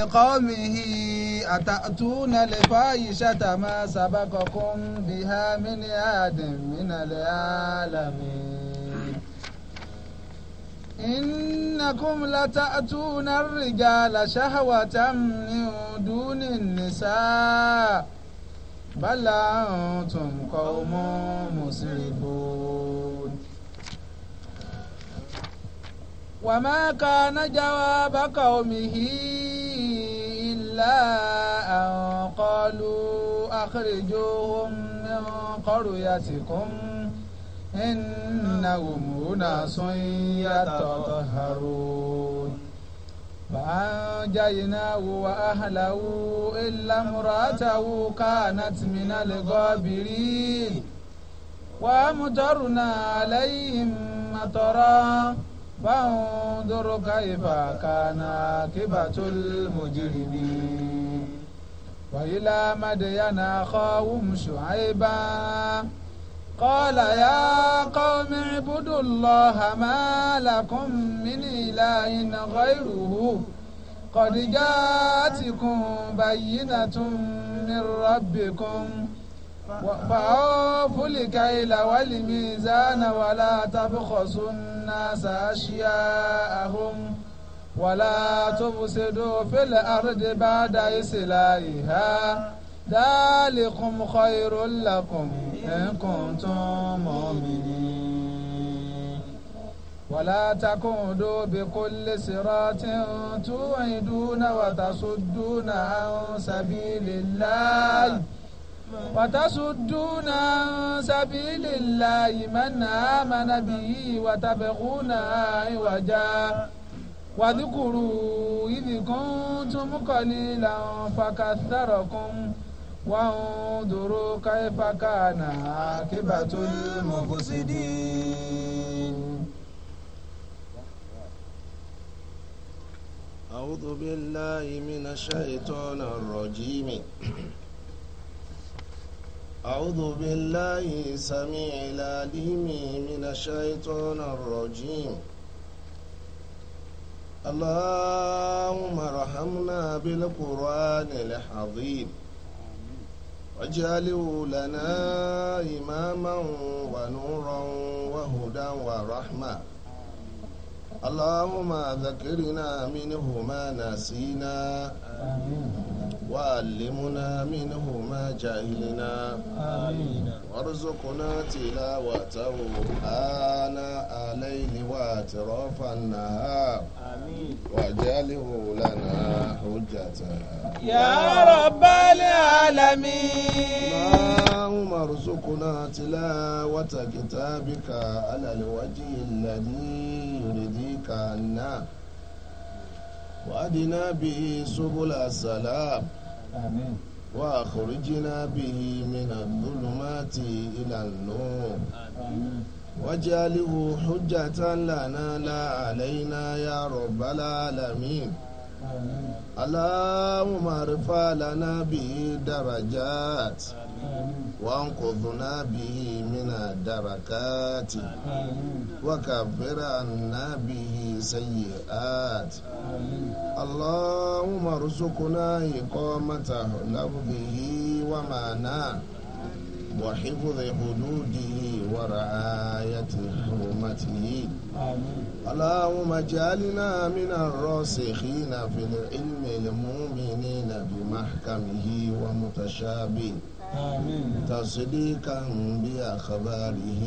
لقومه أتأتون الفاحشة ما سبقكم بها من أحد من العالمين إنكم لتأتون الرجال شهوة من دون النساء بل أنتم قوم مسرفون وما كان جواب قومه إلا أن قالوا أخرجوهم من قريتكم إنهم أناس يتطهرون فأنجيناه وأهله إلا امرأته كانت من الغابرين وأمطرنا عليهم مطرًا فانظر كيف كان عاقبة المجرمين وإلى مدين أخاهم شعيبا قال يا قوم اعبدوا الله ما لكم من إله غيره قد جاءتكم بينة من ربكم فأوفوا الكيل والميزان ولا تبخسوا الناس أشياءهم ولا تفسدوا في الأرض بعد إصلاحها ذلكم خير لكم إن كنتم مؤمنين ولا تقعدوا بكل صراط توعدون وتصدون عن سبيل الله وتصدون عن سبيل الله من آمن به وتبغونها عوجا واذكروا إذ كنتم قليلا فكثركم وانظروا كيف كان عاقبة المفسدين أعوذ بالله من الشيطان الرجيم أعوذ بالله سميع العليم من الشيطان الرجيم اللهم ارحمنا بالقرآن العظيم واجعله لنا إماما ونورا وهدى ورحمة اللهم ذكرنا منه ما نسينا آمين وعلمنا منه ما جهلنا آمين وارزقنا تلاوته آناء الليل وأطراف النهار آمين واجعله لنا حجة يا رب العالمين اللهم ارزقنا تلاوة كتابك على الوجه الذي يرضيك عنا وأدنا به سبل السلام آمين وأخرجنا به من الظلمات إلى النور آمين واجعله حجة لنا لا علينا يا رب العالمين اللهم ارفع لنا به درجات وانقذنا به من الدركات وكفر عنا به سيئات اللهم ارزقنا إقامة لفظه ومعناه وحفظ حدوده ورعاية حرمته اللهم اجعلنا من الراسخين في العلم المؤمنين بمحكمه ومتشابه تصديقا بأخباره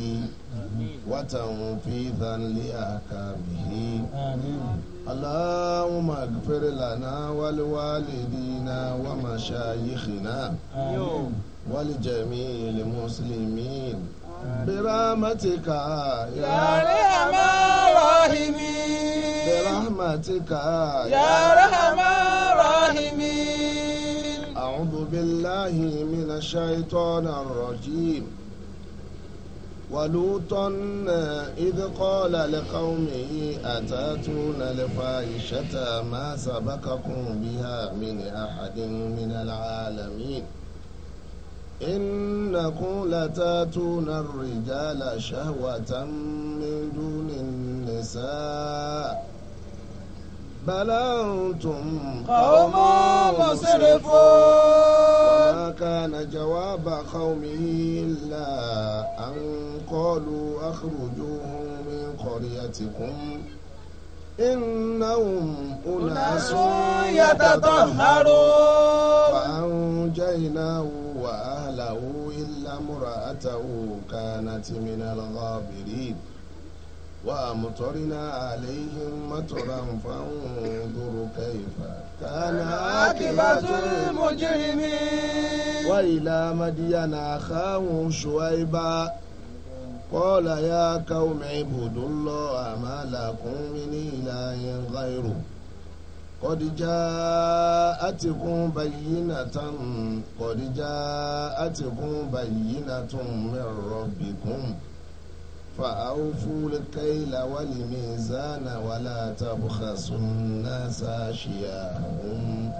وتنفيذا لأحكامه اللهم اغفر لنا ولوالدينا ومشايخنا آمين. ولجميع المسلمين برحمتك يا ارحم الراحمين برحمتك يا ارحم الراحمين أعوذ بالله من الشيطان الرجيم ولوطا إذ قال لقومه أتاتون الفاحشة ما سبقكم بها من أحد من العالمين إنكم لتاتون الرجال شهوة من دون النساء بل أنتم قوم مسرفون ما كان جواب قومه إلا أن قالوا أخرجوهم من قريتكم إنهم أناس يتطهرون فأنجيناه وأهله إلا امرأته كانت من الغابرين وأمطرنا عليهم مطرا فانظر كيف كان عاقبة المجرمين وإلى مدين أخاهم شعيبا قال يا قوم اعبدوا الله ما لكم من إله غيره قد جاءتكم بينة قد جاءتكم بينة من ربكم فأوفوا الكيل والميزان ولا تبخسوا الناس أشياءهم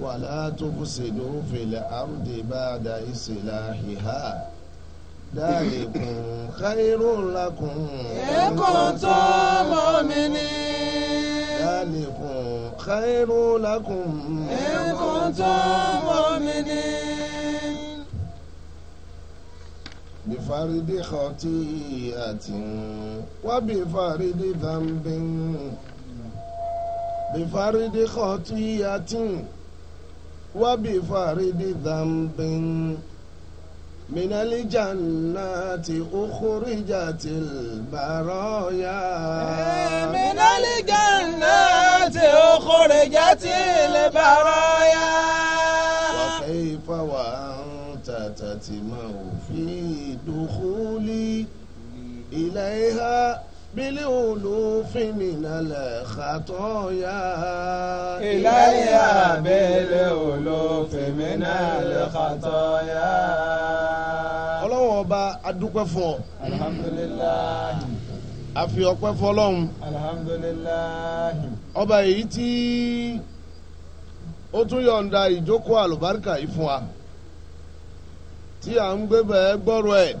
ولا تفسدوا في الأرض بعد إصلاحها kun, dàlíkùn khairun lakum. èkó tó mọ́ mi ní. dàlíkùn khairun lakum. èkó tó mọ́ mi ní. بفرد faridi وبفرد ذنب بفرد خطيئة faridi ذنب من الجنات أخرجت البرايا من الجنات أخرجت البرايا وكيف وأنت تتمه في دخولي إليها بالألوف من الخطايا إليها بالألوف من الخطايا ọlọ́wọ́n ọba adúpẹ́ fún ọ. alhamdulilayi. a fi ọpẹ́ fọlọ́hún. alhamdulilayi. ọba èyí tí ó tún yọ̀ǹda ìjókòó àlùbáríkà yìí fún wa tí à ń gbé bẹ́ẹ̀ gbọ́rọ̀ ẹ̀.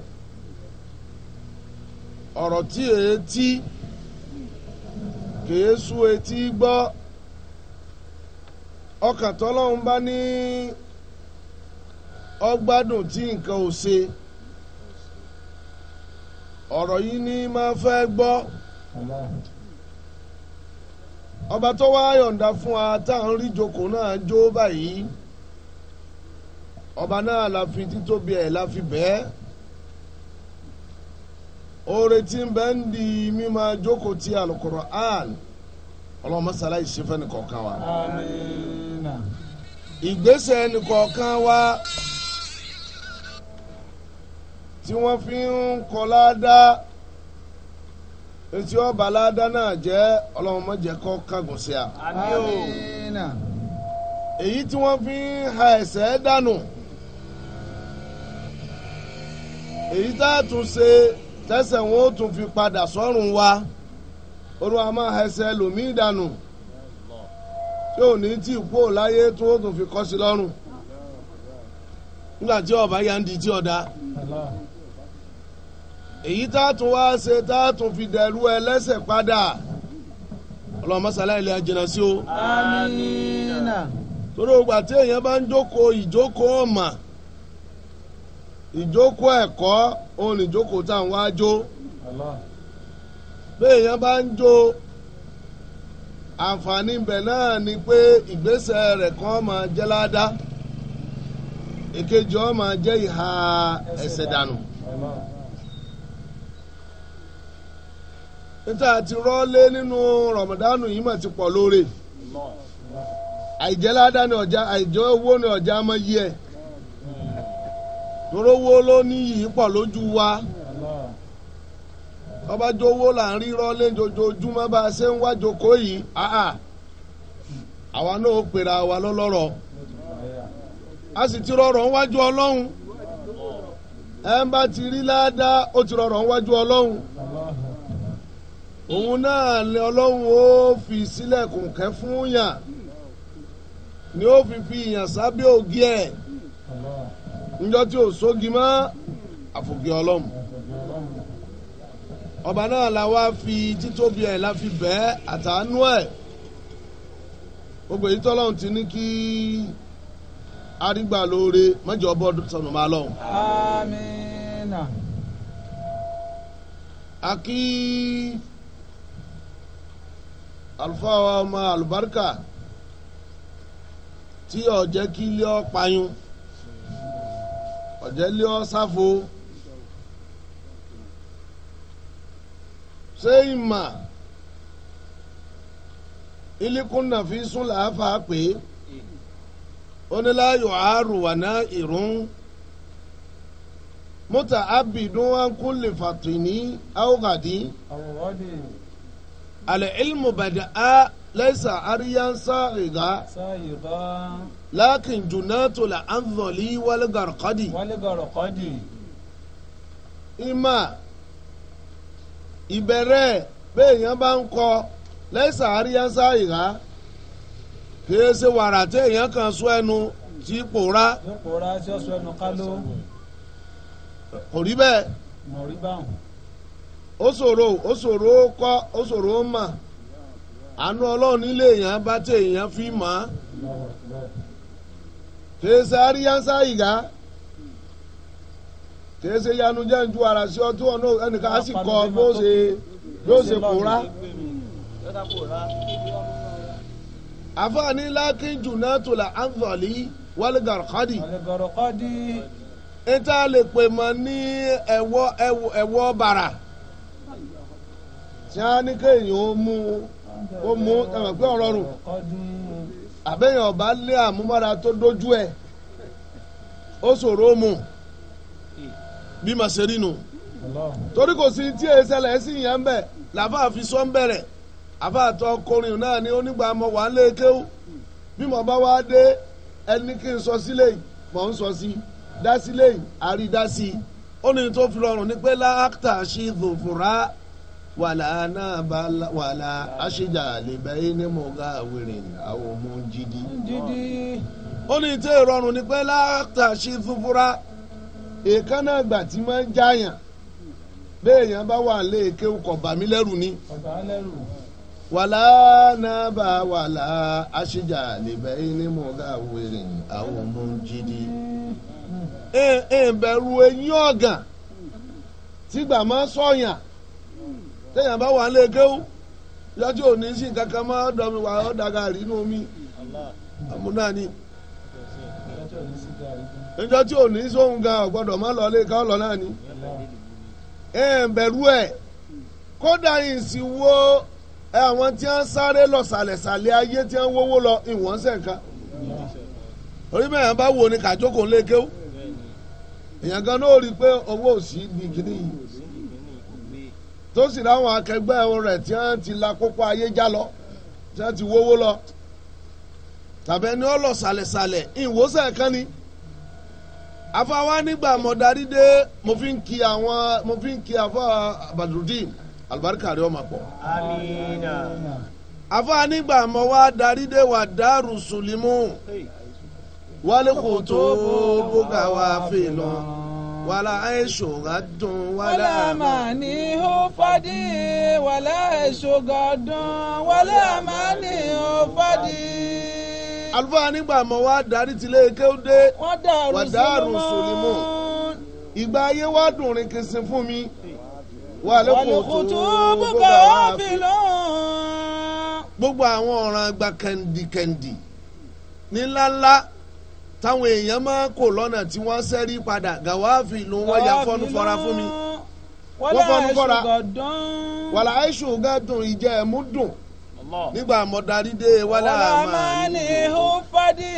ọ̀rọ̀ tí etí kìí sú etí gbọ́ ọkàn tọ́lọ́run bá ní ọgbádùn tí nǹkan ò ṣe ọ̀rọ̀ yìí ni máa fẹ́ gbọ́ ọba tó wá yọ̀ǹda fún wa tá ń rí joko náà jó báyìí ọba náà la fi títóbi ẹ̀ la fi bẹ́ẹ̀. Oreti tí ndi bẹ joko ti alukur'an ọlọ́run masala yìí ṣe fẹ́ni wa. àmín. ìgbésẹ̀ ẹni wa tí wọ́n fi ń kọ́ ládàá etí ọba aládá náà jẹ́ ọlọ́run má jẹ́ kó a. àmín. èyí tí wọn fi ń ha ẹ̀sẹ̀ dànù èyí tá a tún ṣe. tẹ́sẹ̀ wọn ó tún fi padà sọ́rùn wa orun a máa ẹsẹ̀ lòmíì dànù tí ò ní tí kú láyé tí ó tún fi kọ́ sí lọ́rùn nígbà tí ọba yá ń di tí ọ̀dà èyí tá a tún wá ṣe tá a tún fi dẹ̀rú ẹlẹ́sẹ̀ padà ọlọ́mọsálá ilé ajẹ́nà sí o. àmín. torí ògbà tí èèyàn bá ń jókòó ìjókòó ọ̀mà. ìjókòó ẹ̀kọ́ òun nìjókòó tá à ń wá jó bẹ́ẹ̀ bá ń jó àǹfààní ibẹ̀ náà ni pé ìgbésẹ̀ rẹ̀ kan máa jẹ́ ládá èkejì ọ́ máa jẹ́ ìhà ẹ̀ṣẹ̀ dànù. níta ti rọ́lé nínú rọ̀mọ̀dánù yìí mà ti pọ̀ lóore àìjẹ́ ládá ni ọjà àìjẹ́ owó ni ọjà máa yí ẹ̀. torówó ló níyì pọ̀ lójú wa ọbájówó là ń rírọ́ lójoojúmọ́ bá a ṣe ń wá jókòó yìí àwa náà ó pera wa lọ́lọ́rọ̀ a sì ti rọrọ̀ ń wájú ọlọ́run ẹ ń bá ti rí ládàá ó ti rọrọ̀ ń wájú ọlọ́run òun náà lé ọlọ́run ó fi sílẹ̀kùn kẹ́ fún yàn ni ó fi fi yàn sábẹ́ ògì ẹ̀ njọ́ tí ò sógi mọ́ àfòkè ọlọ́run ọba náà la wá fi títóbi ẹ̀ la fi bẹ́ẹ̀ àtàánú ẹ̀ gbogbo èyí ti ní kí arígbà lóore mọ́jọ́ bọ́ọ̀dù sọnù máa lọ́hùn. amínà. akí wa ọmọ àlùbáríkà tí ó kí ilé ọ payún. ọ̀jẹ̀lé ọ̀sáfo seyima ìmà ilikunna fi sún làáfà pé oníláyọ̀ àrùwàná ìrún mọ́tà abidun ankule fatini awogadi alẹ́ ilmu bàdà á lẹ́sà àríyánsá ìgá. lakin junatu la anzoli wal garqadi wal garqadi ima ìbẹ̀rẹ̀ èèyàn bá ń kọ lẹ́sà àríyánsá ìhá kìí ṣe wàrà tí èèyàn kan sọ ẹnu tí pòórá. tí ó sọ ẹnu ká ló. kò rí bẹ́ẹ̀. ó ṣòro ó ṣòro ó kọ́ ó ṣòro ó mà àánú ọlọ́run nílé èèyàn bá tẹ èèyàn fi mà teesaari yansaayiga teese yanu jẹ́ntu ara sí ọ tí wọn náà ẹnìkan á sì kọ bó ṣe bó ṣe kóra. àfààní lákín jùnà tòlà anthony wàlúgàrúkọ́dì. wàlúgàrúkọ́dì. níta lè pè mọ́ ní ẹwọ ẹ̀wọ́ tí a ní kéèyàn ó mú ó mú pé ọ̀rọ̀ àbẹ́yẹn ọba lé àmúmọ́ra tó dójú ẹ̀ ó ṣòro mu bí ṣe rí nu torí kò sí tí èyí ṣẹlẹ̀ sí ìyẹn ń bẹ̀ làbá fi sọ́ ń bẹ̀rẹ̀ àbáàtọ̀ ọkùnrin náà ni onígbà mọ wà ń lé kéwù bí mo bá wá dé ẹni kí n sọ ń sọ ولا نبل ولا أشجال بين مغاور أو منجد ó ní tí rọrùn ni pé látàṣí fúfúra èékánná tí máa jáyàn béèyàn bá wà léèké e èké kò bà ni. wàlá náà bá wàlá ní mọ̀gá wèrè àwọn ọmọ téèyàn bá wà lé kéwú yọjú òní sí kankan mọ́ ọ̀dọ̀ mi wà ọ̀dà gàrí inú omi àmúná ni níjọ́ tí òní sóhun gan ọ̀gbọ́dọ̀ má lọ lé lọ náà ni ẹ ẹ̀ bẹ̀rù ẹ̀ kódà ìsìn àwọn tí wọ́n sáré lọ sàlẹ̀sàlẹ̀ ayé tí wọ́n wówó lọ ìwọ̀n sẹ̀ǹkan orí mẹ́rin bá wo ni kàjókòó lé kéwú èèyàn gan náà rí i pé owó gbìngìrì yìí. tó sì ráwọn akẹgbẹ́ rẹ̀ tí wọ́n ti la kókó ayé já lọ tí wọ́n ti wówó lọ tàbí ni ó lọ sàlẹ̀sàlẹ̀ ìwòsàn kan ni afáwa nígbà mọ̀dárí dé mo fi ń kí àwọn mo fi ń kí afọ Badrudeen alibarika rẹ ọmọ pọ. amiina. afáwa nígbà mọ̀ wá darí dé wà dárú sùlímù wálé kò tó bó bó ga wá fèlò wàlà àìsò gàdùn wàlà àmàní ó fàdí wàlà àìsò gàdùn wàlà àmàní ó fàdí. àlùfáà nígbà mọ́ wá darí tilé kéwdé wàdàrú sùnìmù ìgbà ayé wá dùn rìn kìsìn fún mi wàlẹ́kùtù bùkà ábìlọ́. gbogbo àwọn ọ̀ràn àgbà kẹ̀ǹdìkẹ̀ǹdì ní ńláńlá táwọn èèyàn máa kò lọ́nà tí wọ́n ṣẹ́rí padà gàwáàfì ló wọ́n ya fọ́nú fọ́ra fún mi wọ́n fọ́nú fọ́ra wàlà àìṣù gàdùn ìjẹ́ ẹ̀mú dùn nígbà mọ̀dárí dé wàlà máa ní fàdí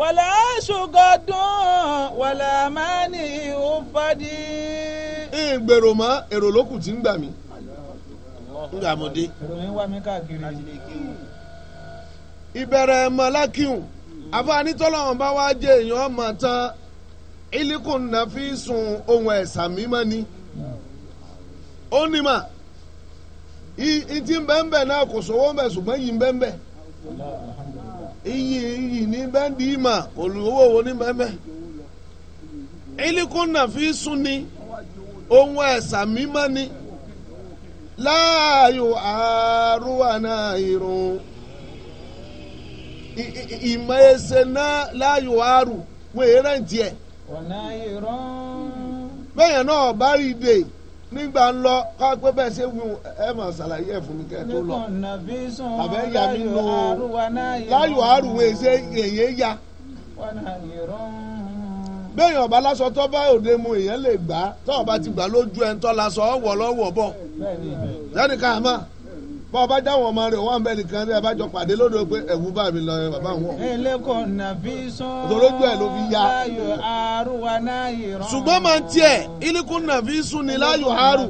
wàlà àìṣù gàdùn wàlà máa ní ihò fàdí. ìgbèrò mọ́ èrò lókùn tí ń gbà mí nígbà mọ̀dé. ìbẹ̀rẹ̀ mọ́lákìún. afọ tọ́lọ́wọ́n bá wá jẹ èèyàn ọmọ tán ilikun nàfi sun ohun ẹ̀sà ni ó ní mà ìtì bẹ́ẹ̀nbẹ́ náà kò sówó ń ṣùgbọ́n yìí bẹ́ẹ̀nbẹ́ iyì iyì ní bẹ́ẹ̀ndì mà ni ohun ẹ̀sà mímọ́ ni láàyò àrùwà irun. ìmọ̀ ẹsẹ̀ náà láàyò àrù wọn náà bá rí nígbà ńlọ ká pé ẹ̀ mi tó lọ. àbẹ́ ya mi nù àrù wọn èsè èyẹ ya. bẹ́ẹ̀ ọba lásọ bá òde mu èèyàn lè gbà tó ọba ti gbà lójú ẹ̀ ń tọ́ lásọ bọ́ ọba dáwọn ọmọ rẹ̀ wọ́n bẹ́ẹ̀ nìkan rẹ̀ abájọ pàdé lódò pé ẹ̀wù bá mi lọ bàbá wọn. eléko nàbí sàn. òtòlójú ẹ̀ ló fi ya. láyò àrùn wa náà yìrán. ṣùgbọ́n máa tiẹ̀ ilikun nàbí sùn ni láyò àrùn.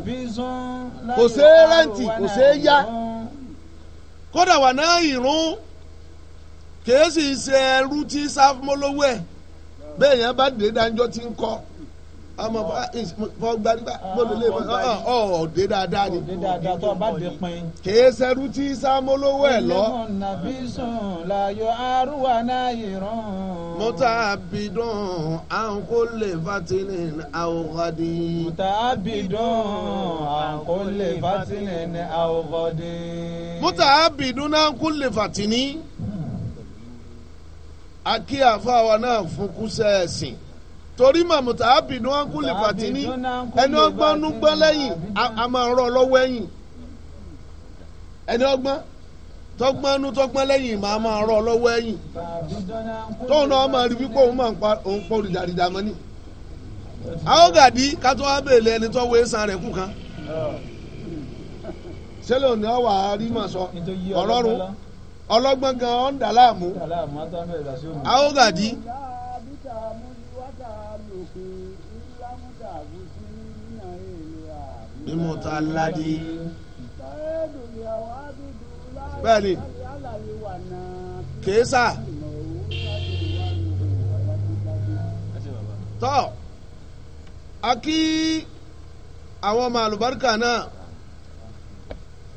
kò ṣeé rẹ́ǹtì kò ṣeé yá. kódà wà náà yìrún kèésì ṣe ẹrú tí sáfúnmọ́lówó ẹ̀ bẹ́ẹ̀ yẹn bá dé dáńjọ́ ti ń kọ́ ọmọ fọgbà nígbà gbọdọ ah, lè ọ ọdẹ ah, dáadáa ni. ọdẹ dáadáa tó a bá dé pin. kèé sẹ́rú tí sámolówó ẹ̀ lọ. ìlẹ̀mọ̀ nàbí sùn láyọ̀ àrùwà náà ìrọ̀. mọ́tà bidon àǹkó lè fatini àwòkọ́dì. mọ́tà bidon àǹkó lè fatini àwòkọ́dì. mọ́tà bidon àǹkó lè fatini. akí wa náà fún kúsẹ́ ẹ̀sìn. torí màmútà ábìnú ángúlì fàtínì ẹni ọgbọ́n ń gbọ́n lẹ́yìn a máa rọ lọ́wọ́ ẹ̀yìn ẹni ọgbọ́n tọgbọ́n ń tọgbọ́n lẹ́yìn màá máa rọ lọ́wọ́ ẹ̀yìn tóun náà máa rí wípé òun máa ń pa òun pọ̀ olùdarídà mọ́ni. àwọn gàdí kátó wá bèèlè ẹni tó wé san rẹ̀ kú kan sẹ́lẹ̀ òní ọ̀wà rí màá sọ ọlọ́run ọlọ́gbọ́n gan ọ̀ ń dà láàmú àwọn gàdí. المتلد bẹ́ẹ̀ni kèésà tọ́ a kí àwọn ọmọ alùbáríkà náà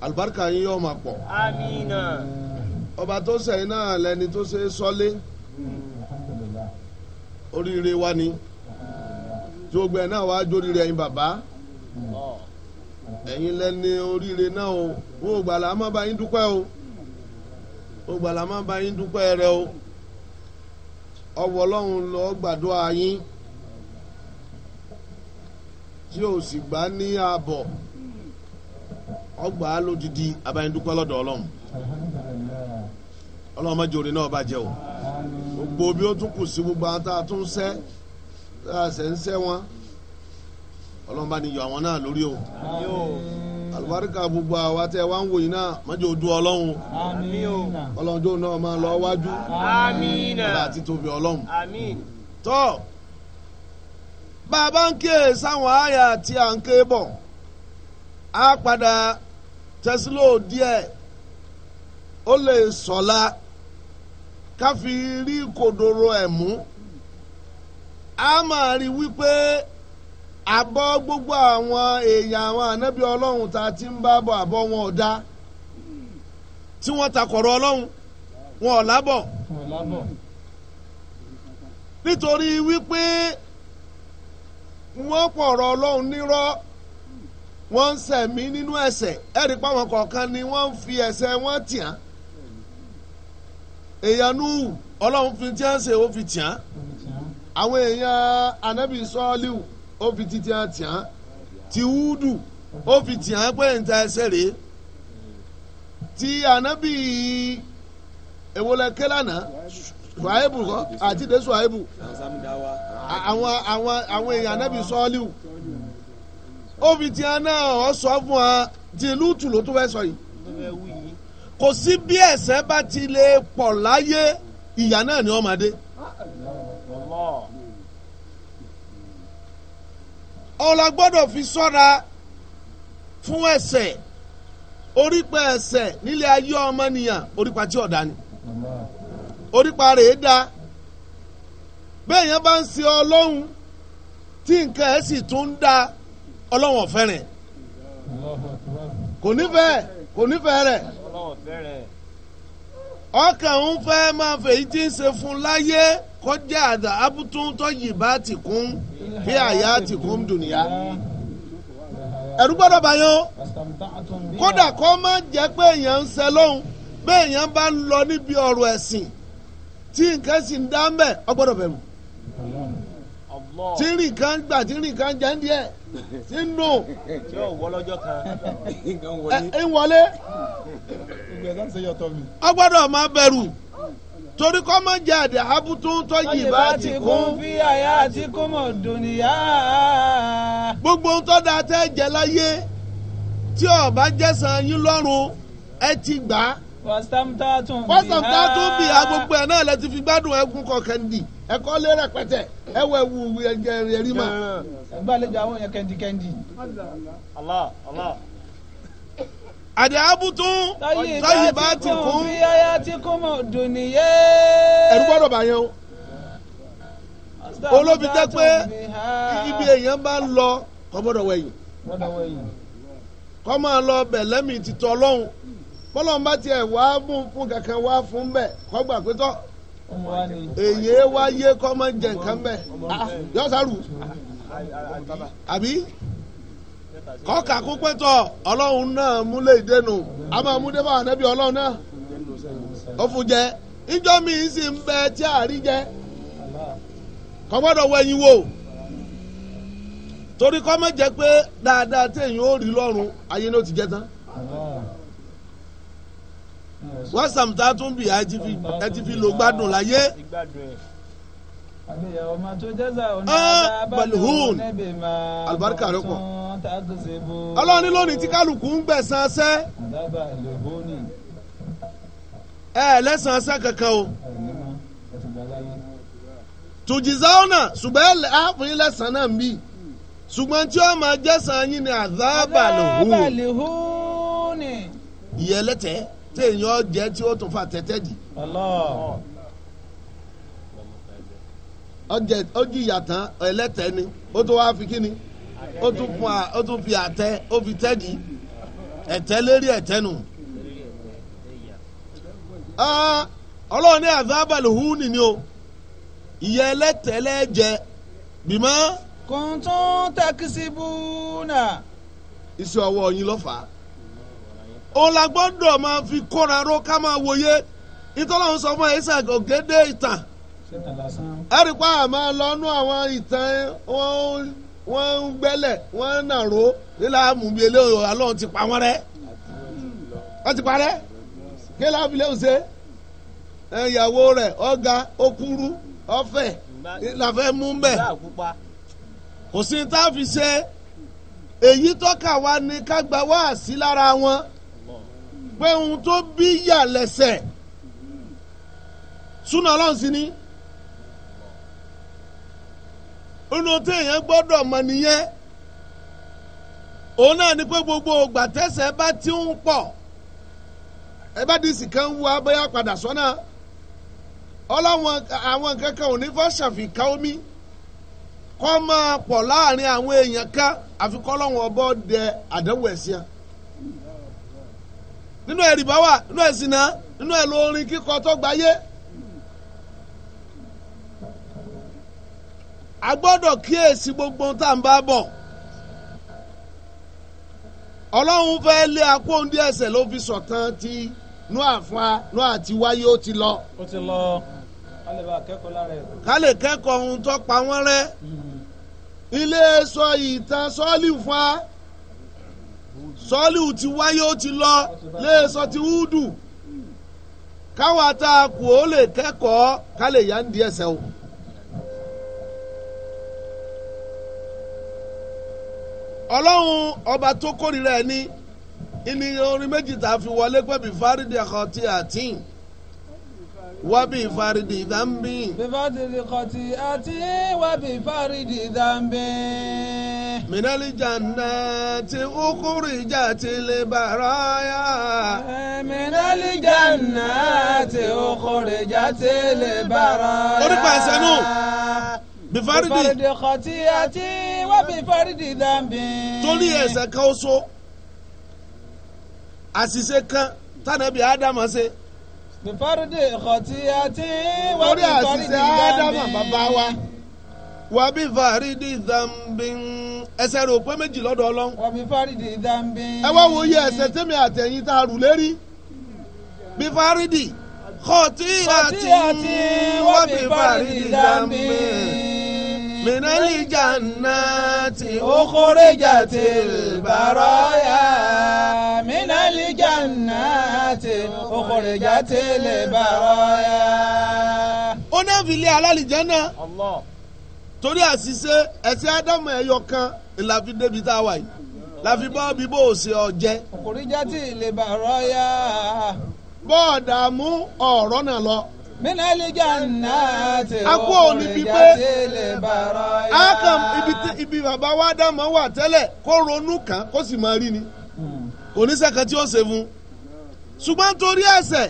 alùbáríkà yín yóò máa pọ̀ àmín ọba tó sẹ́yìn náà lẹni tó ṣe é sọ́lé oríire wa ni tí ó gbẹ náà wàá jóríire ẹ̀yin bàbá. ẹ̀yin lẹ́ni oríire náà o wọ́n ò gbàlà má ba yín dúpẹ́ o ó gbàlà má ba yín dúpẹ́ rẹ o ọwọ́ ọlọ́run lọ gbàdúrà yín tí o sì gbà ní ààbọ̀ ọgbà lódìdí lọ́dọ̀ ọlọ́run ọlọ́run mẹ́jọrin náà o gbogbo bí ó tún kù sí gbogbo ata tá a sẹ́ a ń sẹ́ wọn ọlọ́run bá ní yọ àwọn náà lórí o àlùbáríkà gbogbo àwa tẹ wá ń wò yìí náà má ojú ọlọ́run ọlọ́run tó náà máa lọ wájú ọlọ́run àti tóbi ọlọ́run tọ́ bàbá ń ké sáwọn àyà tí à ń ké bọ̀ á padà tẹ́sílò díẹ̀ ó lè sọ̀la ká rí kòdòrò ẹ̀ mú a máa rí wípé. abọ gbogbo àwọn èèyàn àwọn ànábì ọlọ́run tá ti ń bá bọ̀ àbọ̀ wọn ò dáa tí wọ́n takọ̀rọ̀ ọlọ́run wọn ò lábọ̀ nítorí wípé wọ́n pọ̀rọ̀ ọlọ́run nírọ́ wọ́n ń sẹ̀mí nínú ẹ̀ṣẹ̀ ẹ̀rí pàwọn kọ̀ọ̀kan ni wọ́n ń fi ese wọn tì án èèyàn ọlọ́run fi tí wọ́n ṣe ó fi tì àwọn èèyàn ànábì ó fi títí àti hàn ti wúdù ó fi tì hàn pé ń ta ẹsẹ̀ rèé ti ànábì ewoleke lánàá suhaibu kọ àti de suhaibu àwọn àwọn àwọn èèyàn ànábì sọ́ọ́líù ó fi tì hàn náà ọ̀ sọ fún wa ti lútù ló tó fẹ́ sọ yìí kò sí bí ẹ̀ṣẹ̀ bá ti lè pọ̀ láyé ìyà náà ni ọmọdé. ọ̀la gbọ́dọ̀ fi sọ́ra fún ẹ̀ṣẹ̀ orípa ẹ̀ṣẹ̀ nílé ayé ọmọnìyàn orípa tí ọ̀dà ni orípa rèé da bẹ́ẹ̀ yẹn bá ń ṣe ọlọ́run tí nǹkan ẹ̀ sì tún ń da ọlọ́run ọ̀fẹ́rẹ̀ kò nífẹ̀ẹ́ kò nífẹ̀ẹ́ rẹ̀ ọkàn ń fẹ́ máa fèyí tí ń ṣe fún láyé. kọjá àdá abútún yìí bá ti kún bí àyà ti kún dùnìyà ẹ̀rú gbọ́dọ̀ bá kódà kó má jẹ́ pé èèyàn ń bí bá lọ níbi ọ̀rọ̀ ẹ̀sìn tí nǹkan sì ń dá kan gbà tí kan jẹ́ ń díẹ̀ tí ń bẹ̀rù. torí kọ́ mọ́ jẹ́ àdè abútún tọ́jì bá ti kún. tọ́jì bá ti kún fi àyà àti kọ́mọ̀ dùnìyà. gbogbo ń tọ́da tẹ́ jẹ́ láyé tí ọba jẹ́sàn yín lọ́rùn ẹ ti gbà á. fọ́sítàmùtàtún bìí fọ́sítàmùtàtún bìí agbègbè ẹ̀ náà lẹ ti fi gbádùn ẹkún kọ̀kẹ́ndì ẹ̀kọ́ lé rẹpẹtẹ ẹwẹ́ wu ẹ̀rí mà. ẹgbẹ́ àlejò àwọn yẹn kẹ́ndìkẹ́ndì. Allah Allah àdàbùtún tọ́yìnbá ti kún. bí aya ti kún mọ̀ dùn nìyẹn. ẹ̀rú gbọ́dọ̀ bá yẹn o. olóbi jẹ́ pé ibi èèyàn bá ń lọ kọ́ gbọ́dọ̀ wẹ̀yìn. kọ́ máa lọ bẹ̀lẹ́mì títọ́ ọlọ́run bọ́lọ́run bá tiẹ̀ wá mú fún kankan wá fún bẹ́ẹ̀ kọ́ gbà pé tọ́. èyí wáyé kọ́ máa jẹ nǹkan bẹ́ẹ̀ ah, àbí. kọ́ka kó ọlọ́run náà múlẹ̀ ìdẹ́nu a máa mú débà ànábì ọlọ́run náà ó fún mi sì ń bẹ tí a rí jẹ wẹ̀yìn torí kọ́ pé dáadáa ó rí lọ́rùn ayé ló ti jẹ tán wọ́n sàmùtà tún bì ẹ ti fi balhun ah, alibarika ló pọ̀ ọlọ́run ní lónìí tí kálukú ń gbẹ̀san ṣẹ́ ẹ lẹ́sàn-án ṣẹ́ kankan o tùjìzáwọnà ṣùgbọ́n ẹ fún yín lẹ́sàn náà ń ṣùgbọ́n tí ó máa jẹ́sàn yín ni àdábàlùhùn ìyẹlẹ́tẹ̀ tí èèyàn jẹ́ tí ó tún fa tẹ́tẹ́ dì. Allah. ó jìyà tán ẹlẹ́tẹ̀ ni ó tún wáá fi kí ni ó tún fi àtẹ ó fi tẹ́jì ẹ̀tẹ́ lérí ẹ̀tẹ́ nù. Ah, ọlọ́run ní àzábàlù húnì ni o ìyà ẹlẹ́tẹ̀ lẹ́jẹ̀ bímọ. kùntùn tẹ́kísì búnà. iṣẹ́ ọwọ́ yín ló fà á. la máa fi kóra ró ká máa wòye ìtọ́lọ́run sọ fún ẹ̀ ẹ́ sàgọ́gẹ́dẹ́ ìtàn. ẹ̀rípa àmọ́ lọ́nú àwọn ìtàn wọ́n ń gbẹ́lẹ̀ wọ́n ń nàró nílà o ọlọ́run ti pa wọ́n rẹ́ wọ́n ti parẹ́ kí lábìlẹ̀ ọ̀sẹ̀ ìyàwó rẹ̀ ọ̀gá okuru ọ̀fẹ́ làfẹ́ mú bẹ́ẹ̀ kò sí tá a fi ṣe èyí tọ́ka wa ni ká gba wáàsí lára wọn pé ohun tó bí yà lẹ́sẹ̀ súnà ọlọ́run sí ni. inú téèyàn gbọ́dọ̀ mọ̀ nìyẹn òun náà ni pé gbogbo ògbà bá ti ń pọ̀ ẹ bá di padà sọ́nà ọlọ́wọ́n àwọn nǹkan kan ò ní fọ́ ṣàfìkà omi kọ́ máa pọ̀ láàrin àwọn èèyàn ọbọ̀ dẹ àdánwò ẹ̀sìn nínú nínú a gbọ́dọ̀ kíyèsí gbogbo tá à ń bá bọ̀ ọlọ́run fẹ́ lé akóhundé ẹsẹ̀ ló fi sọ̀tàn ti nú àfa nú àti wáyé ó ti lọ. ó ti lọ ká lè kẹ́kọ̀ọ́ lára ẹ̀. ká lè kẹ́kọ̀ọ́ ohun tó pa wọ́n rẹ́ ilé sọ ìtàn sọ́ọ̀lì fún wa ti wáyé ó ti lọ lé sọ ti húdù káwa tá kù ó lè kẹ́kọ̀ọ́ ká lè ń di ẹsẹ̀ o. ọlọ́run ọba tó kórìíra ẹ ní ìní orin méjì tá a fi wọlé pé bí fárídì ẹ̀kọ́ ti àtìn wábì fárídì dáńbì. bí fárídì ẹ̀kọ́ ti àtìn wábì fárídì dáńbì. minali janna ti ukuri jati le baraya. minali janna ti ukuri jati le orí pàṣẹ nù bifaridi. bifaridi kọtí àti wọ́n bifaridi dàbí. torí ẹ̀ṣẹ̀ kan ó so àṣìṣe kan tànàbí ádámà ṣe. bifaridi kọtí àti wọ́n bifaridi dàbí. torí àṣìṣe ádámà bàbá wa wà bí fàrídì dàmbí ẹ̀ṣẹ̀ rò pé méjì lọ́dọ̀ Ọlọ́run. wà bí fàrídì dàmbí. ẹ wá wo iye ẹ̀ṣẹ̀ tèmi àtẹ̀yìn tá a rù lérí bí fàrídì kọtí àti wà bí fàrídì dàmbí minali jannati ukhrijatil baraya. minali jannati ukhrijatil baraya. ó náà fi lé alálìjẹ́ náà torí àṣìṣe ẹ̀sìn ádámù ẹ̀yọ kan ìlàfi débi tá a wà yìí láfi bọ́ bí bó o ṣe ọ̀jẹ́. ukhrijatil baraya. bọ́ọ̀dà mú ọ̀rọ̀ náà lọ mínàlíjà náà ti wọ́n lè jáde lè bàrọ̀ yá. a kàn ibi bàbá wa dá mọ́ wà tẹ́lẹ̀ kó ronú kàn kó sì máa rí ni kò ní sẹ́kàn tí ó ṣe fún un ṣùgbọ́n torí ẹ̀ṣẹ̀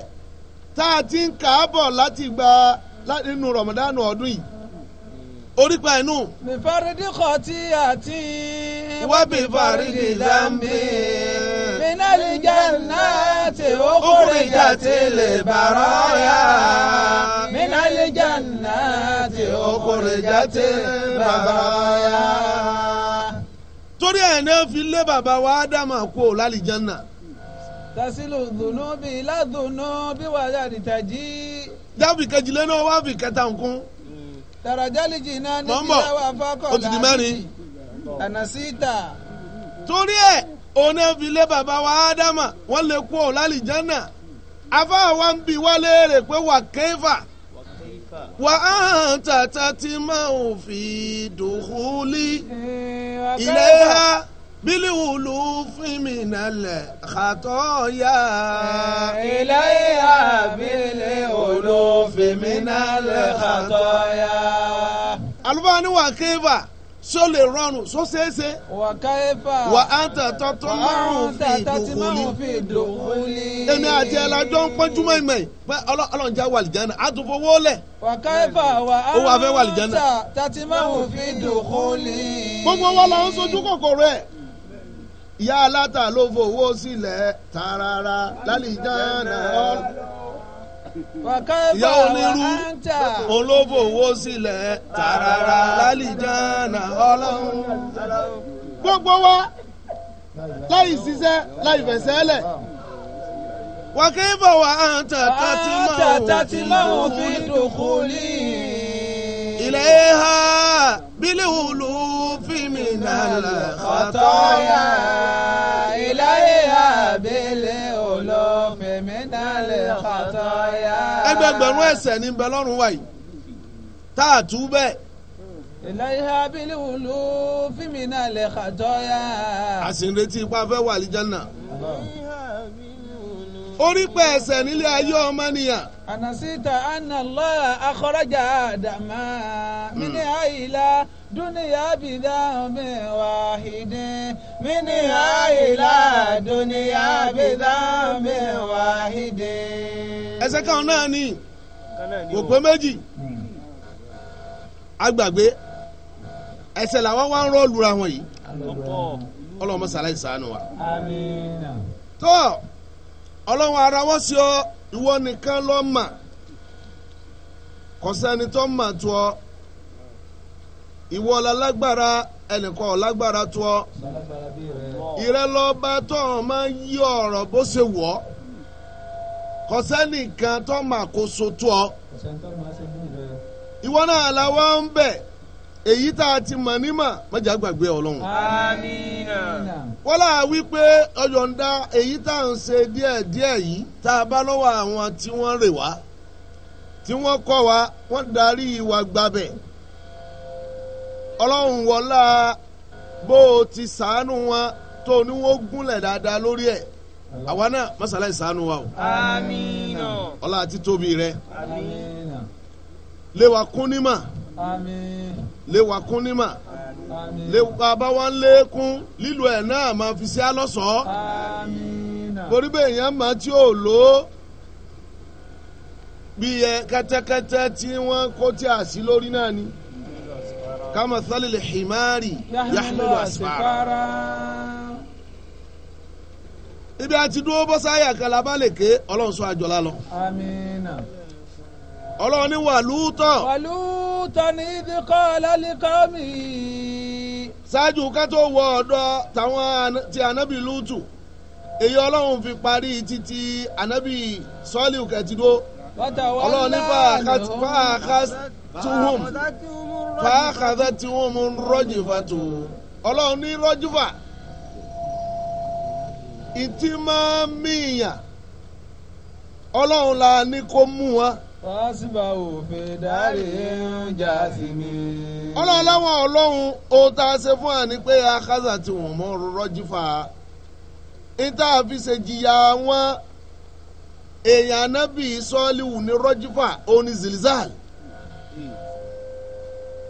tá a ti ń kà á bọ̀ láti gba nínú rọ̀mọ̀dánù ọdún yìí orípa inú. bífárídì kọ tí àti. wá bífárídì zambi. minali jannati ukhrijati lil baraya. minali jannati ukhrijati lil baraya. torí ẹ̀ ní fi lé bàbá wa ádámà kú ò lálìjánná. tasilu dunubi ladunu bí wàá yàrá ìtají. jábì kejìlél náà wá fi kẹta nǹkan tàràjálì jìnnà ní ìdáwà fákọ̀lá ó ti di mẹ́rin. ànàsíta. torí ẹ̀ òun náà fi lé bàbá wa ádámà wọ́n lè kú ọ̀ lálìjánà afáà ń bi wá léèrè pé wà kéfà wà á hàn tàtà tí máa ń fi dùnkúlì ilé ha. بالولوف من الخطايا إليها بالولوف من الخطايا alubani wa keifa so le rọrùn so seese. wa keifa wa an ta tọ́tọ́ márùn fi dòkúlì. èmi àti ẹlẹ́jọ́ ń pọ́njú mẹ́mẹ́ ọlọ́run já wàlìjánà á tún fowó lẹ̀. wa keifa wa an ta tọ́tọ́ márùn fi dòkúlì. gbogbo wa la ń sojú kòkòrò ẹ̀. E ìyá aláta ló fowó sílẹ̀ tààràrà lálìjáná ìyá onírú olóbò owó sílẹ̀ tààràrà lálìjáná ọlọ́run gbogbo wa láì ṣiṣẹ́ láì fẹsẹ̀ lẹ̀ wàkébọ̀ wa àǹtà tàtí máa wò fi dùkú lì. إليها بالألوف من الخطايا إليها بالألوف من الخطايا ẹgbẹgbẹ̀rún ẹ̀ṣẹ̀ ní bẹ lọ́rùn wa yìí tá a tú bẹ́ẹ̀. ìlàyà bílẹ̀ olú lè kàjọ́ yá. a fẹ́ wà lìjánà orí pẹ́ ẹsẹ̀ nílé ayé ọmọnìyàn. ànàsíta ànàlọ́ àkọ́rọ́jà àdàmà mini àyílá dúnìyà bìdá mi wàhídì mini àyílá dúnìyà bìdá mi wàhídì. ẹsẹ̀ kan náà ni kò pé méjì agbàgbé ẹsẹ̀ làwọn wá ń rọ́ọ̀lù wọn yìí ọlọ́mọ sàlàyé sànù wa. àmín. tó ọlọ́run ara wọ́n sí ọ ìwọ nìkan ló mà kò sẹ́ni tó mà tó ọ ìwọ lálágbára ẹnìkan ọ̀lágbára tó ọ ìrẹ́lọ́ba tó ọ máa ń yí ọ̀rọ̀ bó ṣe wọ̀ ọ́ kò tó mà kó so tó ọ ìwọ náà làwọn ń bẹ̀ èyí tá a ti mọ̀ nímọ̀ mọ̀jà gbàgbé ọlọ́run. amiina. wípé ọ̀yọ̀ǹda èyí tá à ń ṣe díẹ̀díẹ̀ yìí tá a bá lọ́wọ́ àwọn tí wọ́n rè wá tí wọ́n kọ́ wa wọ́n darí wa gbabẹ̀. ọlọ́run wọlá bó o ti sàánú wọn tó o wọ́n gúnlẹ̀ dáadáa lórí ẹ̀ àwa náà mọ́sálásí sàánú wa o. ọlá àti tóbi rẹ. amiina. lé wa kún àmín. lé wa kún ní mà àmín. lé wa bá wa ń lékún lílo ẹ̀ náà máa fi sí alọ́sọ̀ọ́ àmín. torí bẹ́ẹ̀ yẹn máa tí ò lò ó bí ẹ kẹ́tẹ́kẹ́tẹ́ tí wọ́n kó tí a sí lórí náà ni kama salil himari yahmilu asfara ibi ati dúró bọ́sáyà kalaba lè ké ọlọ́run sọ àjọlá lọ. àmín. ọlọ́run ní wàlúùtọ̀. wàlúù dàrútani ìdíkọ́ alálìkámi. ṣáájú ká tó wọ ọ̀dọ̀ táwọn ti ànábì lùtù èyí ọlọ́run fi parí títí ànábì sọ́ọ̀lì kẹtìdó ọlọ́run ní fàákàtúhùn fàákàtúhùn rọ́jìfàtù ọlọ́run ní rọ́jìfà ìtì máa ń mìyàn ọlọ́run la ní kó mú wọn. fásibáwò ọlọ́run ó a ṣe fún ẹ pé akásà tí wọ́n mọ rọ́jú fà níta fi ṣe jìyà wọn èèyàn anábì sọ́ọ́líwù ní rọ́jú lie ó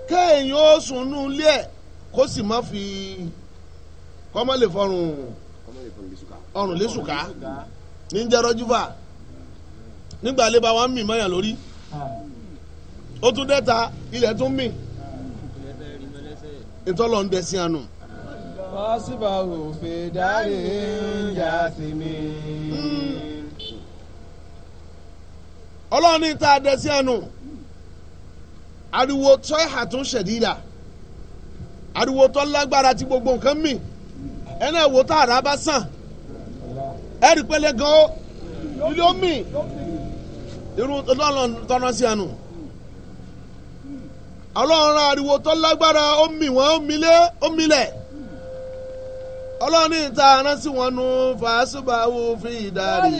kéèyàn ó fi ọrùn lẹ́sùká nígbà ilé bá wa ń mì mọ́yàn lórí hmm. ó tún dẹ́ta ilẹ̀ tún mì hmm. ìtọ́lọ̀ ń dẹ̀sí àánú. pọ́sibà òfin dáre ń sí mi. Hmm. ọlọ́run ní ta dẹ̀sí àánú ariwo tọ́ ìhà tún ṣẹ̀dídà ariwo tọ́ lágbára tí gbogbo nǹkan mì ẹnà ìwò tá àrà bá sàn ẹ̀rí pẹ́lẹ́ gan-an ilé ó irú tọ́lọ́run tọ́lọ́run sí àánú ọlọ́run ariwo tó lágbára omi mì wọ́n ó ọlọ́run ìta aránsí wọn nu fàásùbàwù fi dárì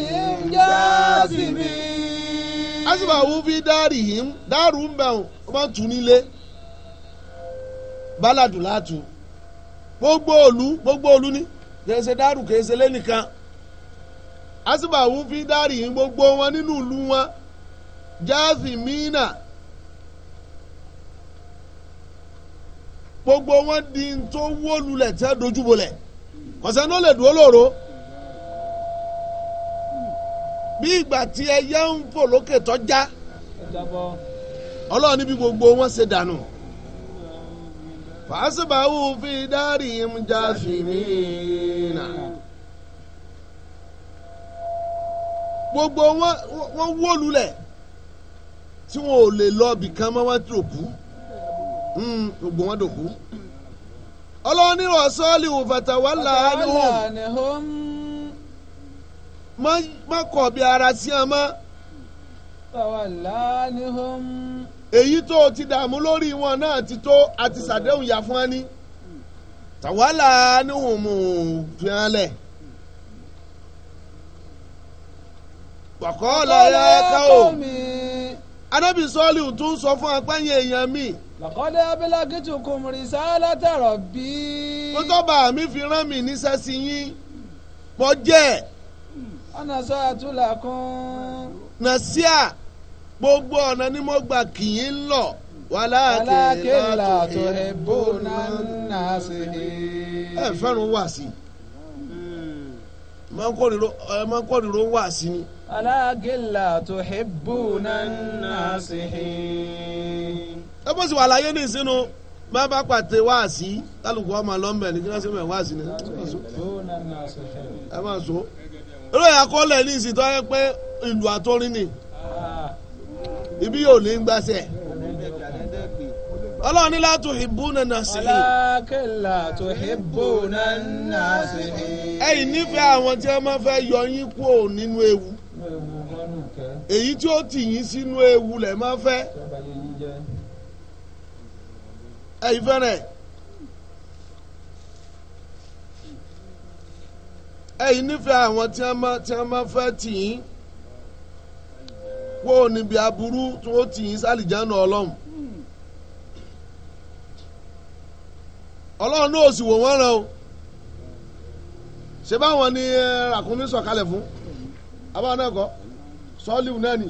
fi dárì yìí dárù ń bẹ̀rù ó máa ń nílé gbogbo olu gbogbo òlu ni kìí ṣe dárù kìí ṣe lẹ́nìkan fi dárì yìí gbogbo wọn nínú ìlú jazimina gbogbo wọn di tó wó lulẹ̀ tí a dojú bolẹ̀ kọ̀sẹ́ ní ó lè dúró lóru bí ìgbà tí ẹyẹ ń fò lókè já níbi gbogbo wọn ṣe dànù. fàṣìbáwò fi dárì ń já sí mi gbogbo wọn wó lulẹ̀. tí wọn ò lè lọ bìkan mọ́ wọn dòkú gbogbo wọn dòkú. ọlọ́run ní rọ̀sọ́ọ̀lì òfàtà wà láàánú má kọ̀ bí ara sí ẹ mọ́. èyí tó o ti dààmú lórí wọn náà ti tó àti sàdéhùn yà fún ẹni. tàwálà níhùn mú fi hàn lẹ̀. wàkọ́ ọ̀la ẹ̀ ká o anábì sọ́ọ́lì tún sọ fún apẹ́yìn èèyàn mi. lọ́kọ́dé abilakitu kùmùrì sáálà tẹ̀rọ̀ bí. tó tọ́ba mi fi rán mi níṣẹ́ sí yín mo jẹ́. ọ̀nà sọ àtúlà kan. nàṣíà gbogbo ọ̀nà ni mo gbà kì í lọ. wàlákè látò ẹ̀bù náà ṣe é. ẹ fẹ́ràn wá sí i máa ń kórìíró wá sí ni walakin la tuhibbuna nasihin. ẹ bó sì wà láyé ní ìsinú má bá pàtẹ wáàsí kálukú ọmọ lọ́mbẹ̀ ní kíláàsì mẹ́ wáàsí ni ẹ máa so olóyè akọ́lẹ̀ ní ìsìn tó yẹ pé ìlú àtọ́rin ni ibi yóò ní gbàsẹ̀ ọlọ́run ní látò ìbúnà náà sí i. ọlákẹ́lá tó ìbúnà náà sí i. ẹ̀yin nífẹ̀ẹ́ àwọn tí wọ́n máa fẹ́ yọ yín kúrò nínú ewu èyí tí ó tì yín sínú ewu lẹ̀ máa fẹ́ ẹ̀yin fẹ́rẹ̀ ẹ̀yin nífẹ̀ẹ́ àwọn tí wọ́n máa fẹ́ tì yín kó o níbi aburú tí wọ́n tì yín sálìjánu ọlọ́run ọlọ́run náà ò sì wò wọ́n rán o ṣé báwọn ni ràkúnmí sọ̀kalẹ̀ fún. àbá náà kọ́ sọ́ọ́lìwù náà ni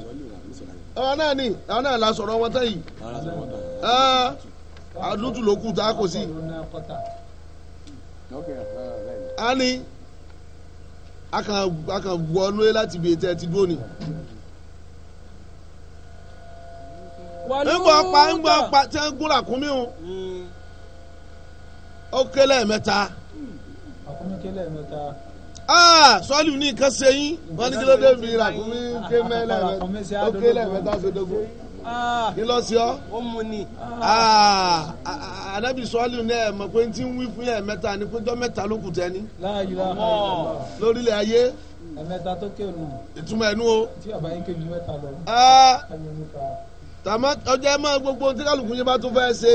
àwọn náà ni àwọn náà la sọ̀rọ̀ wọn tán àdúntò ló kù a kò sí. a ní a kàn wọnú ẹ láti bí etí ẹ ti dúró ni. ńgbọ́ pa pa tí o hmm. ó kélé Ah, sọ́ọ̀lù ní nǹkan ṣe yín wọ́n ní kí ló dé fi ràkúnmí ké mẹ́lẹ̀ rẹ̀ ah, ó ké lẹ́ẹ̀mẹ́ta ṣòdògbò kí lọ sí ọ. ó mu ni. Ah, ànábì sọ́ọ̀lù ní ẹ̀ mọ̀ pé tí ń wí fún ẹ̀ mẹ́ta ni péjọ́ mẹ́ta ló kù tẹ́ni. lórílẹ̀ ayé. ẹ̀mẹ́ta tó ké nù. ìtumọ̀ ẹ̀ nú o. tí àbá yín kéjú mẹ́ta lọ. tàmá ọjọ́ ẹ máa gbogbo tí kálukú yín bá tún fẹ́ ṣe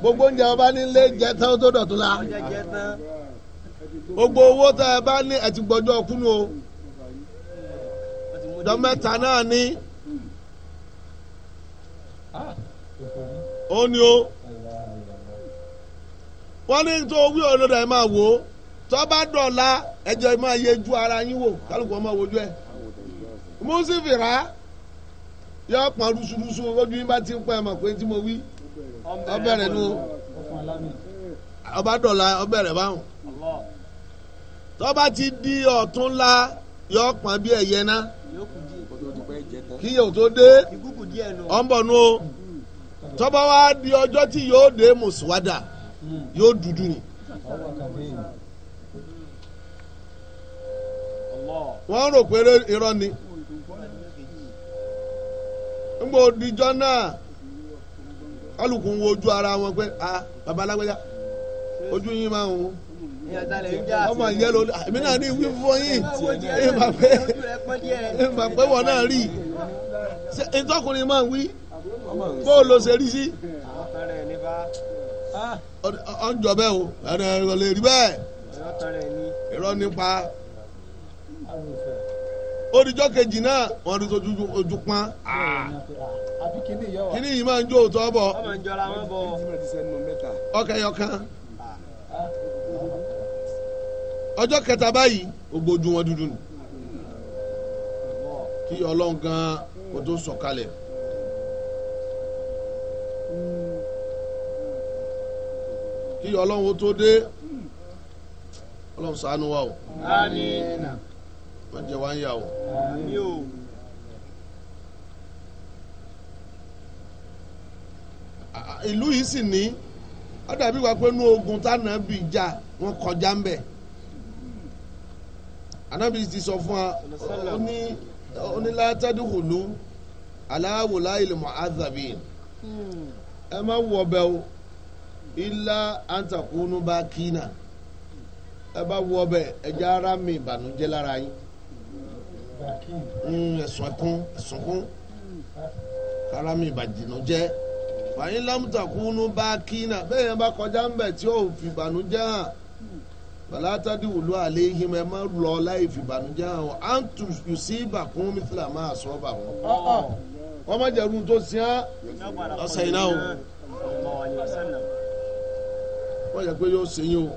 gbogbo oúnjẹ ọba nílé jẹ tán tó dọ̀tún la. ọjọ́ jẹ tán. gbogbo owó tẹ ẹ bá ní ẹ ti o ọjọ́ náà ní ó ní o wọn ní tó wí òdodo ẹ̀ máa wò ó tó bá dọ̀la ẹjọ́ máa yẹ ju ara yín wò kálukú ọmọ wojú ẹ̀ mùsífìrà yọ pọn rusurusu ojú yín bá ti ń pẹ́ ẹ̀ mọ̀ pé tí mo wí ọbẹ̀ rẹ̀ nu ọba dọ̀la ọbẹ̀ rẹ̀ báwọn. tó ti di ọ̀tún la yọ pọ̀n bí ẹ̀yẹ ná kí yóò tó dé ọ̀nbọ̀nù o tó bá wá di ọjọ́ tí yóò dé mùsùwádà yóò dúdú ni. wọ́n rò pé irọ́ ni ngbọ òdìjọ́ náà ń wojú ara wọn pé ah babalágbèjà ojú yín máa ń ọmọ ìyẹn ló èmi náà ní wí fún yín ìmà pé ìmà pé wọn náà rí ìtọ́kùnrin máa wí bó o lọ ṣe rí sí ọjọ́ bẹ́ẹ̀ o ẹ̀rọ lè rí bẹ́ẹ̀ irọ́ nípa oríjọ́ kejì náà wọ́n rí ojú ojú pọ́n. kíní yìí máa ń jó òótọ́ bọ̀ ọkẹ́ ọjọ́ kẹta báyìí gbogbo ojú wọn dúdú nù kí ọlọ́run gan kó tó sọ̀kalẹ̀. kí ọlọ́run ó tó dé ọlọ́run ṣàánú wa o. àmín. wọ́n jẹ wá ń yà o. àmín ìlú yìí sì ní ó dàbí pé inú ogun tánà bìjà wọn kọjá ń bẹ̀ anábì ti sọ fún wa ó ní onílátàdúhùnú aláwòlá ilẹ̀ mu'adhabin hmm. ẹ má wọ ọbẹ̀ o ilá antakunu ba kínà ẹ bá wọ ọbẹ̀ ẹja ara mi ìbànújẹ́ lára yín hmm, ẹ̀sùn ẹ̀kún ẹ̀sùn kún ara mi ìbànújẹ́ fàyín lámùtakunu bá kínà bẹ́ẹ̀ yẹn bá kọjá tí ó fi ìbànújẹ́ hàn balatadi wulu aleihim ẹ má lọ láì fìbànújẹ́ àwọn antu yusi bakun mithila máa sọ bà wọn. wọn má jẹ irun tó sìn án ọsẹ iná o wọn yẹ pé yóò sẹ́yìn o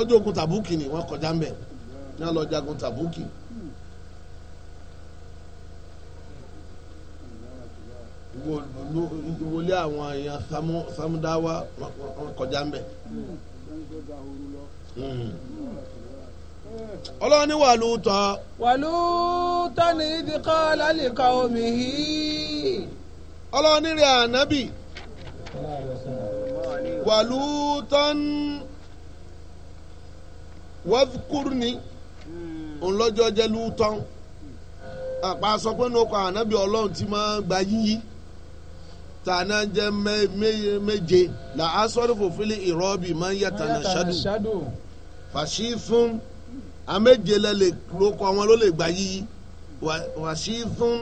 ọjọ́ ogun tàbúkì ni wọ́n kọjá ń bẹ̀ ní àlọ́ jagun tàbúkì. wọlé àwọn èèyàn samudawa kọjá ń bẹ. Hmm. ọlọ́ni wà lóòótọ́. wà lóòótọ́ ní ibi kọ́ lálẹ́ka omi yìí. ọlọ́ni rẹ̀ ànábì. wà lóòótọ́ wàfukúrúni ńlọ́jọ́ jẹ́ lóòótọ́ àpá sọ pé nínú ọkọ̀ ànábì ọlọ́run ti máa gba yíyí tànà jẹ méje là á sọ́dọ̀ fòfin ìrọ́bì máa ń yàtà náà ṣáàdù fàṣí fún améje lẹ́lẹ̀ lóko àwọn ló lè gbà yíyí wàṣí fún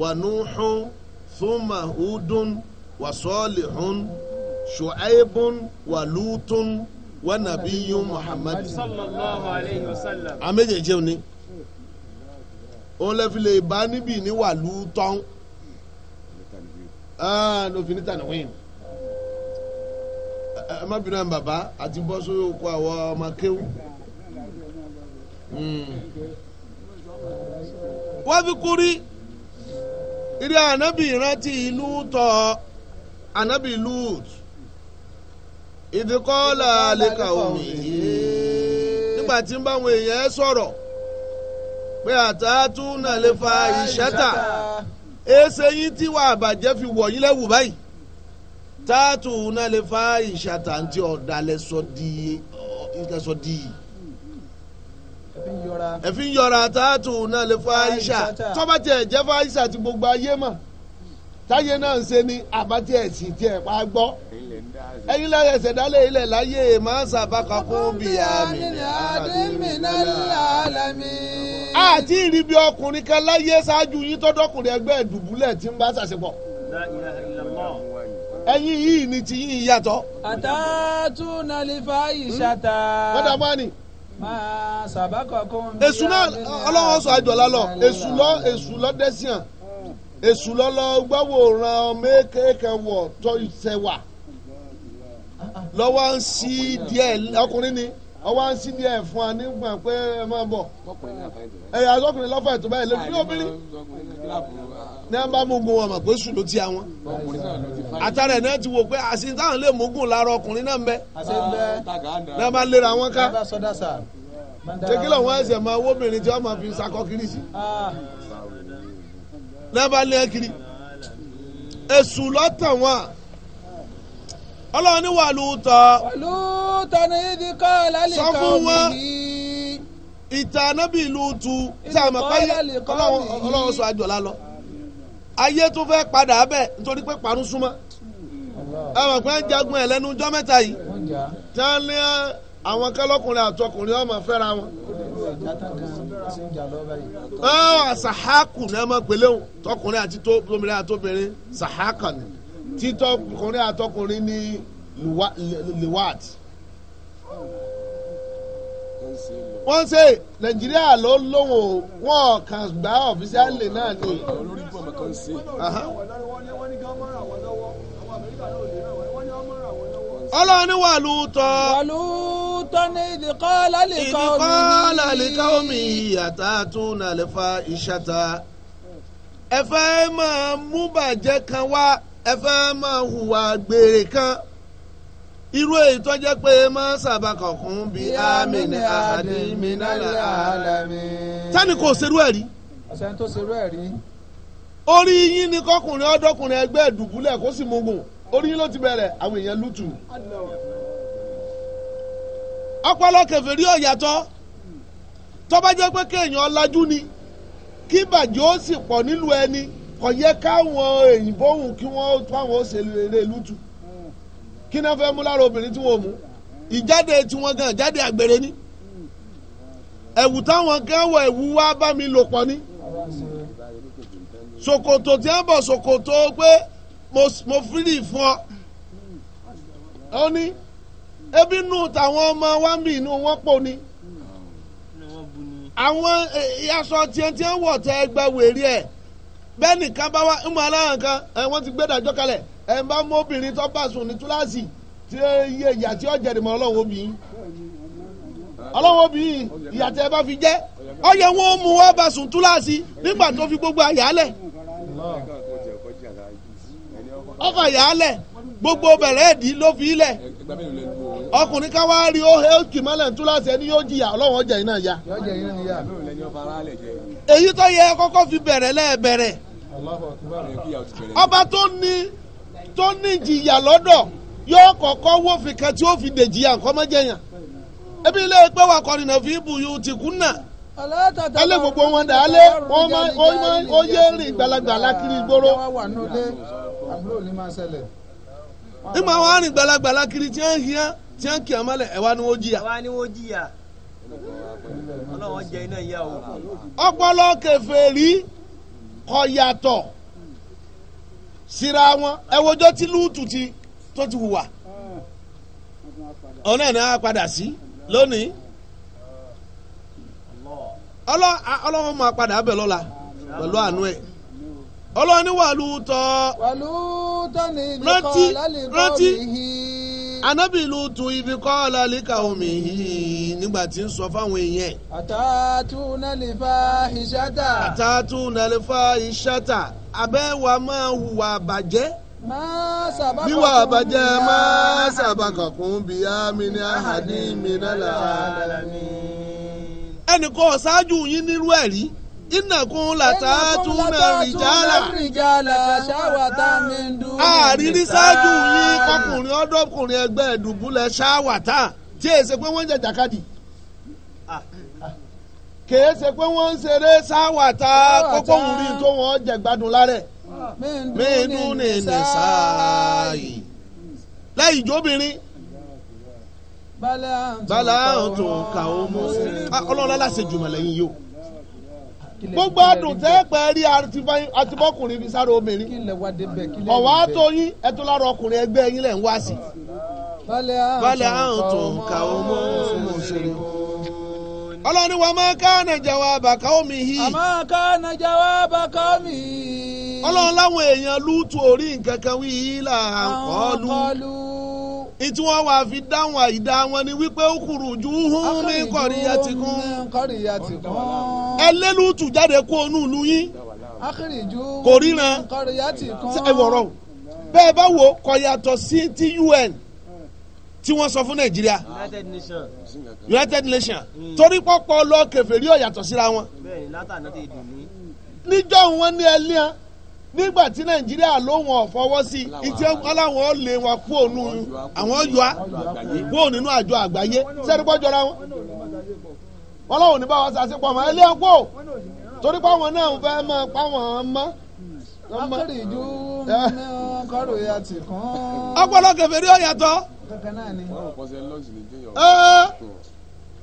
wànúhùn thumma hudun wasolihun shu'aibun walutun wanabiyun muhammad. améje jẹun ni òun lè fi lè bá níbí ní wàlúùtọ́n. Ah, no finita no win. Ama bina baba ati bo so ko awo ma keu. Hmm. Wa bi Iri anabi ranti inu to anabi lut. Idi kola le ka omi. Nipa ti n ba won eyan soro. Pe atatu na le fa ishata. èsè yín wa wàá bàjẹ́ fi wọ̀ yín lẹ́wù báyìí táàtù náà lè fa ìṣàtà àti ọ̀dàlẹ̀ sọ di ìtẹ̀sọ di yìí ẹ̀fí ń yọra táàtù náà lè fa ìṣà tọ́ba tiẹ̀ fa ìṣà ti gbogbo ayé mà táyé náà ń ṣe ni àbátí ẹ̀sìn tiẹ̀ pa gbọ́ ẹ̀yin lẹ́yìn ẹ̀sẹ̀ dálé ilẹ̀ láyé màá sábà kakún bíi àmì àti ìrìbí ọkùnrin kan láyé ṣáájú yín tọ́dọ́kùnrin ẹgbẹ́ ìdùbúlẹ̀ tí ń bá ṣàṣepọ̀. ẹyin yìí ni ti yín yàtọ̀. àtàtú nàlífà ìṣàtà. Hmm? mọ́tà bá ní. máa sàbákọ̀ kó ń bí. èṣù náà ọlọ́wọ́ sọ àjọlá lọ èṣù lọ èṣù lọ dẹ́síàn èṣù lọ lọ gbọ́wọ́ ran mékèèké wọ̀ tọ́ ìṣẹ̀wà lọ́wọ́ ń sí díẹ̀ ọkùnrin ni ọwọ́ à ń sí díẹ̀ fún wa nígbà pé ẹ máa bọ̀ ẹ̀yà ọkùnrin lọ́fà ètò báyìí lẹ́nu lóbìnrin ní a bá mugun wọn mà pé sùn ló ti àwọn àtàrà ẹ̀ náà ti wò pé àṣìṣe táwọn lè mugun lára ọkùnrin náà ń bẹ ní a bá lera wọn ká jẹ́kílọ̀ wọn ẹsẹ̀ máa wó obìnrin tí wọ́n máa fi sakọ kiri sí ah. ní a bá lé kiri èṣù lọ́tàn wọn ọlọ́run ní wàlúùtọ́. wàlúùtọ́ ní ibi kọ́ lálẹ́ kan mi. sọ fún wọn ìtàn anábì lùtù tí a mọ̀ pé ọlọ́run sọ àjọ̀lá lọ. ayé tó fẹ́ padà bẹ̀ nítorí pé parun súnmọ́. ẹ mọ̀ pé ń jagun ẹ̀ lẹ́nu ọjọ́ mẹ́ta yìí. tí wọ́n ní àwọn kẹlọ́kùnrin àtọkùnrin ọmọ fẹ́ra wọn. ọ̀ sàhákù ni wọ́n máa pèlè tọkùnrin àti tóbìnrin àtobìnrin ni títọkùnrin àtọkùnrin ní liwat wọ́n ṣe nàìjíríà ló lóhùn wọn kàn gbá ọ̀fíṣàlì náà ni. ọlọ́ni wà lóòótọ́. wà lóòótọ́ ní ìdíkọ́ lálẹ́kọ́ ìdíkọ́ lálẹ́kọ́ omi nàlẹ́fà ìṣàtà. ẹ fẹ́ máa mú bàjẹ́ kan wá. ẹ fẹ́ máa hùwà gbèrè kan irú èyí tó jẹ́ pé máa sábà kọ̀ọ̀kan bí amínà àdìmínà àlàmì. sani kò serú ẹ̀ rí. ọ̀sẹ̀ tó serú rí. orí yín ni kọkùnrin ọdọkùnrin ẹgbẹ́ ìdùbúlẹ̀ kó sì mugun orí yín ló ti bẹ̀rẹ̀ kò yẹ káwọn òyìnbó hùn kí wọ́n fáwọn òṣèlú eré lùtù kí náà fẹ́ mú lára obìnrin tí wọ́n mú ìjáde tí wọ́n gan jáde àgbèrè ni ẹ̀wù táwọn kan wọ ẹ̀wù wá bá mi lò pọ̀ ni ṣòkòtò tí wọ́n bọ̀ ṣòkòtò pé mo fírì fún ọ ọ ní ebi nù tàwọn ọmọ wa ń bì inú wọn pọ̀ ni àwọn eh, aṣọ tiẹ̀ tiẹ̀ wọ̀ tẹ́ ẹgbẹ́ wèrè ẹ̀. bẹ́ẹ̀ nìkan bá wá ń mọ kan wọ́n ti gbẹ́dàjọ́ kalẹ̀ ẹ bá mú obìnrin tó bá sùn ní túláàsì tí iye ìyà tí ó jẹ̀rì mọ́ ọlọ́run obìnrin ọlọ́run obìnrin ìyà tẹ́ ẹ bá fi jẹ́ mú bá sùn túláàsì fi gbogbo àyàlẹ̀ ọkọ̀ àyàlẹ̀ gbogbo bẹ̀rẹ̀ ẹ̀dí ló fi ilẹ̀ ọkùnrin ká wá rí òkè mọ́lẹ̀ yóò jìyà ya èyí tó yẹ kọ́kọ́ fi ọba tó ní tó ní jìyà lọ́dọ̀ yóò kọ́kọ́ wó tí ó fi dè jìyà nǹkan ebi ilé pé wà kọrin náà fi ibù gbogbo wọn dà á ó yé rìn gbalagbala kiri ìgboro ìmọ̀ àwọn arìn gbalagbala tí tí ọpọlọ kẹfẹ rí kọ́ yàtọ̀ síra wọn ẹ wojọ́ tí lúùtù ti tó ti hùwà ọ̀nà ẹ̀ náà padà sí lónìí ọlọ́run máa padà abẹ lọ́la pẹ̀lú àánú ẹ̀ ọlọ́run ní wàlúùtọ́ rántí rántí anabi lutu ibi kọ́ọ̀lá líka omi yìí nígbà tí ń sọ fáwọn èèyàn. àtàtù nàlífà ìṣàtà. àtàtù nàlífà ìṣàtà abẹ́wà máa hùwà bàjẹ́. Bíwà àbàjẹ́ máa ṣàbàkàn kún bí ámì ní àhàdí mi náà lára. Ẹnì kan yín nírú ẹ̀ ìnàkun làtà túnà rìjàlà àrírí ṣáájú yín ọkùnrin ọdọkùnrin ẹgbẹ́ ẹ̀dùnbúlẹ̀ ṣáwàtà tí èsè pé wọ́n ń jẹ jàkadì kèé ṣe pé wọ́n ń ṣeré ṣáwàtà kókó òun rí tó wọ́n jẹ gbádùn lárẹ̀ mẹ́ẹ̀ẹ́dún nìyẹn sáàyè lẹ́yìn ìjóbìnrin bala ọ̀tún kàó mọ́ ọlọ́run aláṣẹ jùmọ̀ lẹ́yìn yìí o gbogbo àdùn tẹ́ pẹ́ rí àtibọ́kùnrin fi sáré obìnrin ọ̀wá tó yín ẹtú lára ọkùnrin ẹgbẹ́ yín lẹ̀ ń wá sí. balẹ̀ àwọn tó ń ka ọmọ òṣèré. ọlọ́ni wa máa yìí. jawaba qaumihi. àmọ́ kánà jawaba yìí. ọlọ́run láwọn èèyàn lútu orí nǹkan kan wí yìí là ń fi dáhùn àìdá wọn ni wípé ó kúrú ju hún ní qaryatikum. ẹ lé lútu jáde kó onú ìlú yín. kò tí wọ́n sọ fún nàìjíríà united nations torí pọ́pọ́ lọ kẹfẹ́rí ọ̀yàtọ̀ síra wọn. níjọ́ wọn ní ẹlẹ́yà nígbà tí nàìjíríà lóhùn ọ̀fọwọ́ sí ìtì ọláwọn ó lé wọn kú ònú àwọn ọjọ́ kú nínú àjọ àgbáyé sẹ́dúpọ̀ jọra wọn. wọn lọ́wọ́ ní bá wọn sàṣepọ̀ mọ́ ẹlẹ́yà kú ò torí pàwọn náà fẹ́ máa pàwọn mọ́ akérèjú eh. kọ́ròyà tì kàn. ọpọlọ kẹfẹ rí ọyàtọ kankan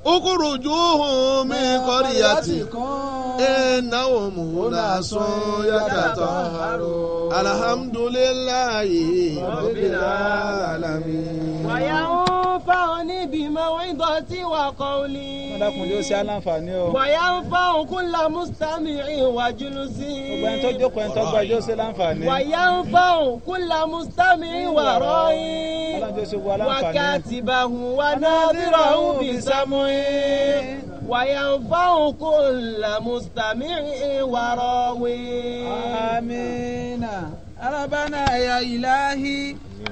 ukurujuhum min qaryatikum innahum unasun yatatahharun alhamdulillahi rabbil alamin. wa yanfa'uni bi maw'izati wa qawli. wọ́n dákun yóò ṣe aláǹfààní o. wa yanfa'u kulla mustami'in wa julusi. gbogbo ẹni tó jókòó ẹni tó gbà yóò ṣe láǹfààní. wa yanfa'u kulla mustami'in wa ra'in. wákàtí bá hùn wá náà rírọ̀ hùn bí sámúì. وينفع كل مستمع وراوي آمين ربنا يا إلهي